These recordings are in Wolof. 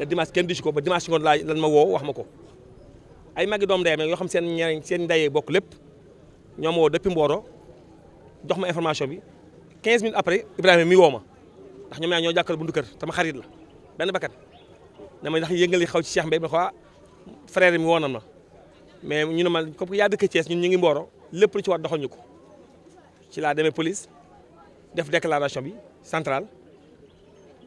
le dimanche kenn disu ko ba dimanche ngoon laaj lan ma woo wax ma ko ay magi doom ndeyam yoo xam seen ñeneen seen ndeyee bokk lépp ñoo ma woo depuis Mboro jox ma information bi 15 minutes après Ibrahima mi woo ma ndax ñoom ñaar ñoo jàkkal buntu kër sama xarit la benn bakkan dama ndax yëngali xaw ci Cheikh Mbaye ma quoi ah, frère mi woonan ma mais ñu ne ma comme yaa dëkk Thiès ñun ñu ngi Mboro lépp lu ci war doxal ñu ko ci laa demee police def déclaration bi centrale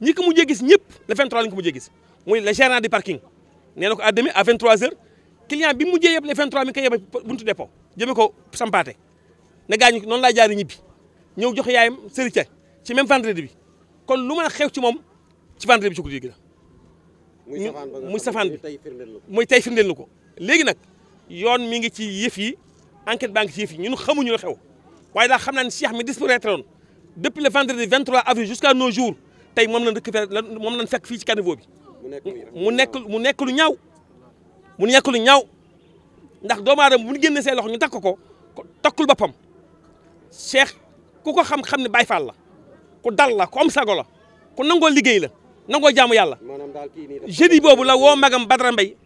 ñi ko mujjee gis ñëpp le 23 lañ ko mujjee gis muy le gérant du parking nee na ko à demi à 23h client bi mujjee yëpp le 23 mi ngi koy buntu dépôt jëme ko sampaté né gañu non la jaar ñibi ñëw jox yaayam sëriñ ci même vendredi bi kon luma xew ci mom ci vendredi bi ci guddi gi la. muy safane bi muy tey firndeel na ko léegi nag yoon mi ngi ci yef yi enquête banque ngi ci yëf yi ñun xamuñu la xew waaye daal xam naa Cheikh mi disparaître woon depuis le vendredi 23 avril jusqu'à nos jours. tey moom lañ récupéré moom lañ fekk fii ci caniveau mu nekk mu nekk lu ñaw mu nekk lu ñaw ndax doomu aadama bu ñu génnee say loxo ñu takk ko takkul boppam Cheikh ku ko xam-xam ne Baye Fall la ku dal la ku am la ku nangoo liggéey la nangoo jaamu yàlla jeudi boobu la woo magam Badara Mbaye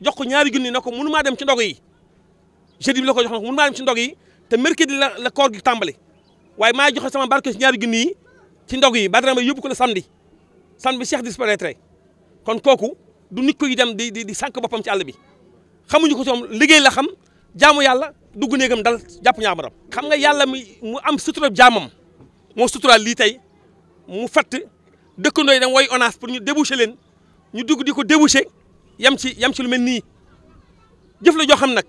jox ko ñaari junni na ko mënu maa dem ci ndog yi jeudi bi la ko jox na maa dem ci ndog yi te mercredi la la koor gi tàmbali waaye maa joxe sama barke si ñaari junni yi ci ndog yi Badara Mbaye yóbbu ko la samedi samedi bi Cheikh disparaître kon kooku du nit koy yi dem di di sànq boppam ci àll bi xamuñu ko soom liggéey la xam jaamu yàlla dugg néegam dal jàpp ñaamaram xam nga yàlla mi mu am sutura jaamam moo sutura lii tey mu fatt dëkk yi dem woy ONAS pour ñu déboucher leen ñu dugg di ko déboucher yam ci yam ci lu mel nii jëf la joo xam nag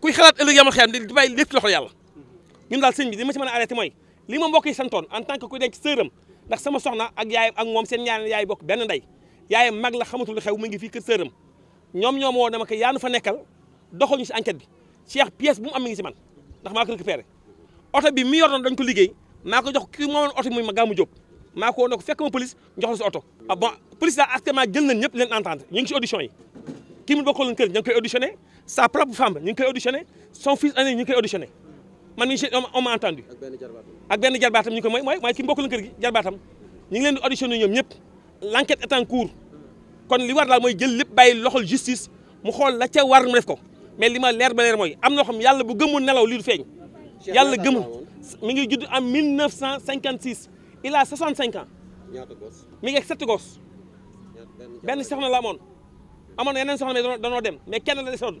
kuy xalaat ëllëg yamal xel di bàyyi lépp loxo yàlla ñun daal sëñ bi li ma ci mën a arrêté mooy li ma mbokk yi santoon en tant que ku denc sëram ndax sama soxna ak yaayam seen yaay bokk benn ndey yaayam mag la xamatul xew mu ngi fii kër sëram ñoom ñoom woo dama ko yaanu fa nekkal doxal ñu si enquête bi Cheikh pièce bu mu am mi ngi si man ndax maa ko récupéré oto bi mi yor doon dañ ko liggéey maa ko jox kii moomoon oto muy ma gaamu jóg maa ko woon fekk ma police jox si oto ah bon police daal actuellement jël nañ ñëpp leen entendre ñu ngi si audition yi kii mu bokkaloon man mi on m'a entendu ak ben jarbaatam ñu ko moy moy ki mbokkul keur gi jarbaatam ñu ngi leen di auditionné ñoom ñëpp l'enquête est en cours kon li war la moy jël lepp baye loxol justice mu xol la ca war mu def ko mais li ma leer ba leer moy am na xam yalla bu gëmul nelaw lii du feeñ yàlla gëmul mi ngi judd en 1956 il a 65 ans mi ngi ak 7 gos ben soxna la amoon amoon yenen soxna mais danoo dem mais kenn la desoon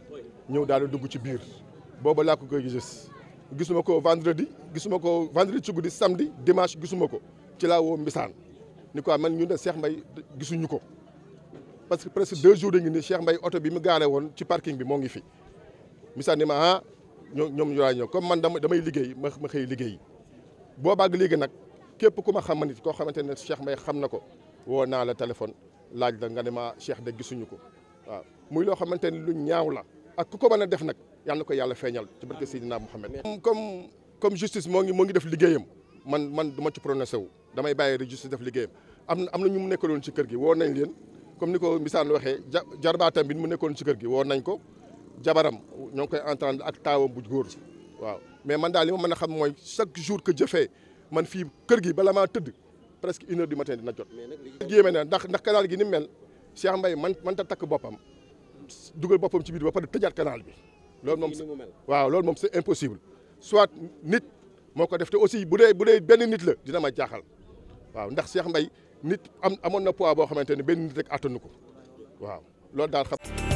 ñëw daal dugg ci biir booba laa ko koy gis gisuma ko vendredi gisuma ko vendredi ci guddi samedi dimanche gisuma ko ci laa woo Mbisaan ni man ñu ne Cheikh Mbaye gisuñu ko parce que presque deux jours dañu ni Cheikh Mbaye oto bi mu gaare woon ci parking bi moo ngi fi Mbisaan ni ma ah, ñoom ñoo ñëw comme man dama damay liggéey ma ma xëy liggéey boobaa ak léegi nag képp ku ma xam nit koo xamante ne Cheikh Mbaye xam na ko woo naa la téléphone laaj la nga ne ma Cheikh de gisuñu ko waaw muy loo xamante ne lu ñaaw la. ak ku ko mën def nak yalla na ko yàlla feeñal ci barke Seydina Mouhamed. comme comme justice mo ngi mo ngi def liggéeyam man man du ci prononcé wu damay baye re justice def liggéeyam am amna ñu mu nekkaloon ci kër gi woo nañ leen comme niko ko waxe jarbatam bi mu nekkon ci kër gi woo nañ ko jabaram ñong koy entendre ak taawam bu góor waaw mais man daal li ma mën xam moy chaque jour que je fais man fi kër gi bala maa teud presque 1 heure du matin dina jot. mais nak li na ndax ndax kanaal gi ni mel Cheikh mbay man man ta takk boppam dugal boppam ci biir ba pare tëjaat canal bi. lool mom waaw lool mom c'est impossible soit nit moko def te aussi bu dee ben nit la dina ma jaxal waaw ndax Cheikh mbay nit am amoon na poids bo xamanteni ben nit rek attanu ko waaw lool daal xam.